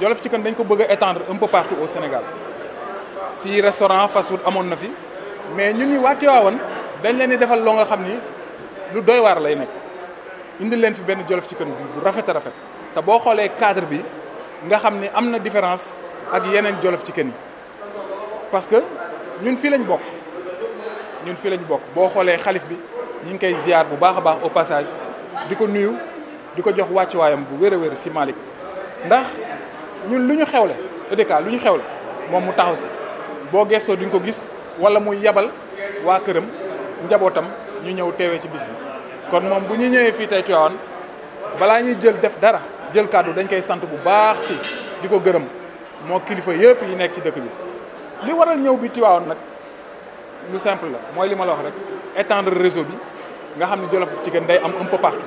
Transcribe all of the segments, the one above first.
jollof Chicken dañ ko bëgg étendre un peu partout au Sénégal fi restaurant fast food amoon na fi mais ñun ñi waa Tiwaawan dañ leen di defal loo nga xam ni lu doy waar lay nekk indi leen fi benn Jolof Chicken bu rafet rafet te boo xoolee cadre bi nga xam ni am na différence ak yeneen Jolof Chicken yi parce que ñun fii lañ bokk ñun fii lañ bokk boo xoolee xalif bi ñu ngi koy ziar bu baax a baax au passage di ko nuyu di ko jox wàccuwaayam bu wér a wér si Malick ndax ñun lu ñu xewle EDK lu ñu xewle moom mu taxaw si boo gestoo duñ ko gis wala muy yabal waa këram njabootam ñu ñëw teewee ci bis bi kon moom bu ñu ñëwee fii tey Tiwaawan balaa ñuy jël def dara jël kàddu dañ koy sant bu baax si di ko gërëm moo kilifa yëpp yi nekk ci dëkk bi li waral ñëw bi Tiwaawan nag lu simple la mooy li ma la wax rek étendre réseau bi nga xam ne Jolof ci gën day am un peu partout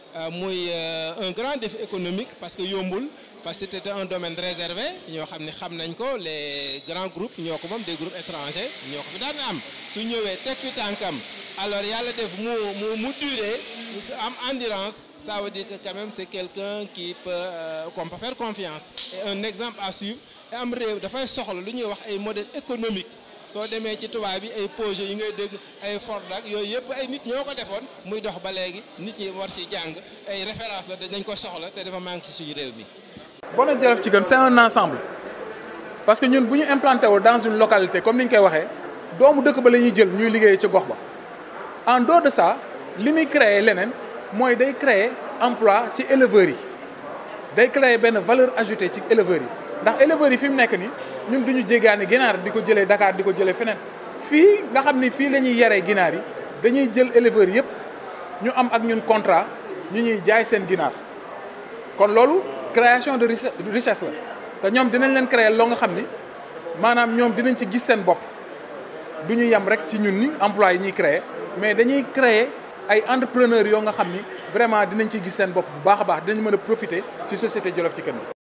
Euh, euh, un grand défi économique parce que parce que c'était un domaine réservé les grands groupes des groupes étrangers ils ont fi daan alors il y a le défi duré am endurance ça veut dire que même c'est quelqu'un qui peut euh, qu'on peut faire confiance un exemple à suivre il y a un modèle économique soo demee ci tubaab bi ay projet yi ngay dégg ay Ford ak yooyu yëpp ay nit ñoo ko defoon muy dox ba léegi nit ñi war si jàng ay référence la dañ ko soxla te dafa manque si suñu réew mi. Bono Jolof Chicken c'est un ensemble parce que ñun bu ñu implanté wul dans une localité comme ni ñu koy waxee doomu dëkk ba la ñuy jël ñuy liggéey ci gox ba en dehors de ça li muy créer leneen mooy day créer emploi ci éleveur yi day créer benn valeur ajoutée ci éleveur yi ndax éleveur yi fi mu nekk ni ñun duñu jéggaani ginaar di ko jëlee Dakar di ko jëlee feneen fii nga xam ni fii la ñuy yaree ginaar yi dañuy jël éleveur yëpp ñu am ak ñun contrat ñu ñuy jaay seen ginaar kon loolu création de richesse la te ñoom dinañ leen créer loo nga xam ni maanaam ñoom dinañ ci gis seen bopp du yam rek ci ñun ni emploi yi ñuy créer mais dañuy créer ay entrepreneurs yoo nga xam ni vraiment dinañ ci gis seen bopp bu baax a baax dinañ mën a profiter ci société Jolof ci bi